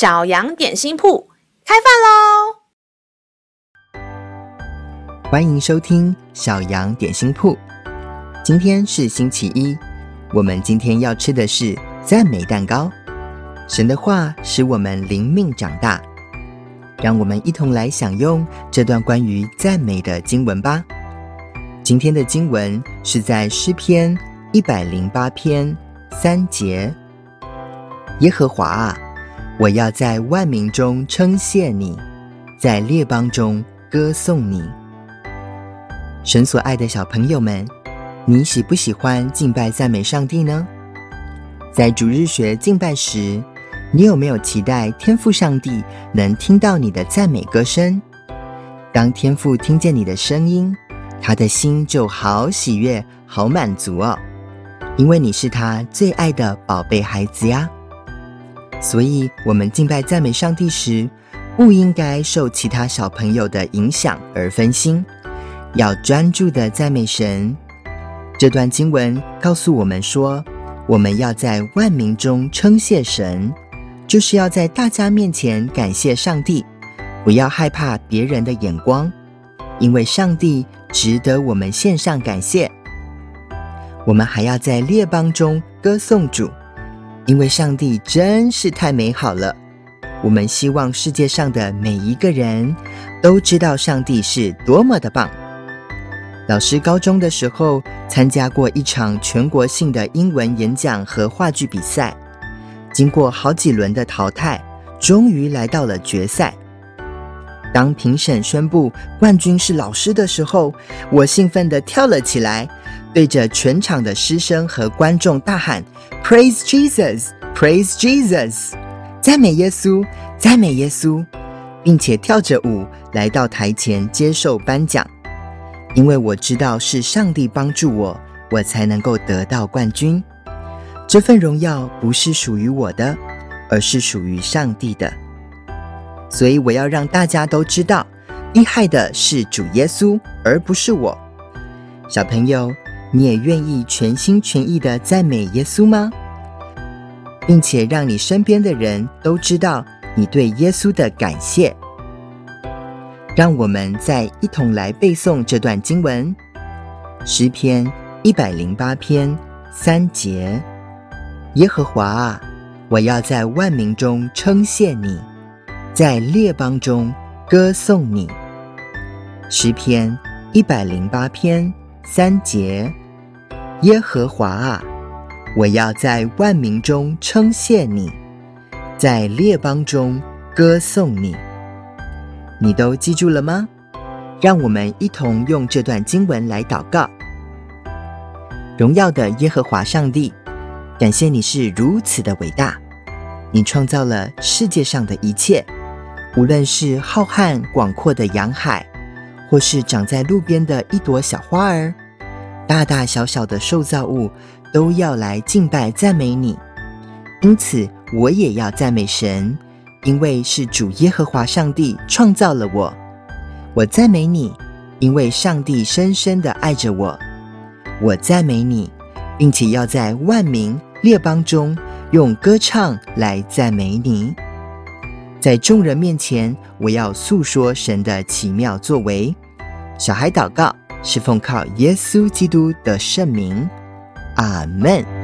小羊點心鋪開飯嘍！歡迎收聽小羊點心鋪。今天是星期一，我們今天要吃的是讚美蛋糕。神的話使我們靈命長大，讓我們一同來享用這段關於讚美的經文吧。今天的經文是在詩篇一百零八篇三節。耶和華啊！我要在萬民中稱謝你，在列邦中歌頌你。神所愛的小朋友們，你喜不喜歡敬拜讚美上帝呢？在主日學敬拜時，你有沒有期待天父上帝能聽到你的讚美歌聲？當天父聽見你的聲音，他的心就好喜悅、好滿足哦，因為你是他最愛的寶貝孩子呀。所以，我們敬拜讚美上帝時，不應該受其他小朋友的影響而分心，要專注地讚美神。這段經文告訴我們說，我們要在萬民中稱謝神，就是要在大家面前感謝上帝，不要害怕別人的眼光，因為上帝值得我們獻上感謝。我們還要在列邦中歌頌主。因為上帝真是太美好了，我們希望世界上的每一個人都知道上帝是多麼的棒。老師高中的時候參加過一場全國性的英文演講和話劇比賽，經過好幾輪的淘汰，終於來到了決賽。當評審宣佈冠軍是老師的時候，我興奮地跳了起來。對着全場的師生和觀眾大喊：“Praise Jesus, praise Jesus，讚美耶穌，讚美耶穌，並且跳着舞來到台前接受頒獎。因為我知道是上帝幫助我，我才能夠得到冠軍。這份榮耀不是屬於我的，而是屬於上帝的。所以我要讓大家都知道，厲害的是主耶穌，而不是我。小朋友。”你也願意全心全意的讚美耶穌嗎？並且讓你身邊的人都知道你對耶穌的感謝。讓我們再一同來背誦這段經文：詩篇一百零八篇三節，耶和華啊，我要在萬民中稱謝你，在列邦中歌頌你。詩篇一百零八篇。三節，耶和華啊，我要在萬民中稱謝你，在列邦中歌頌你。你都記住了嗎？讓我們一同用這段經文來禱告。榮耀的耶和華上帝，感謝你是如此的偉大，你創造了世界上的一切，無論是浩瀚廣闊的洋海。或是長在路邊的一朵小花兒，大大小小的受造物都要來敬拜讚美你。因此我也要讚美神，因為是主耶和華上帝創造了我。我讚美你，因為上帝深深地愛着我。我讚美你，並且要在萬民列邦中用歌唱來讚美你。在眾人面前，我要訴說神的奇妙作為。小孩禱告是奉靠耶穌基督的聖名。阿門。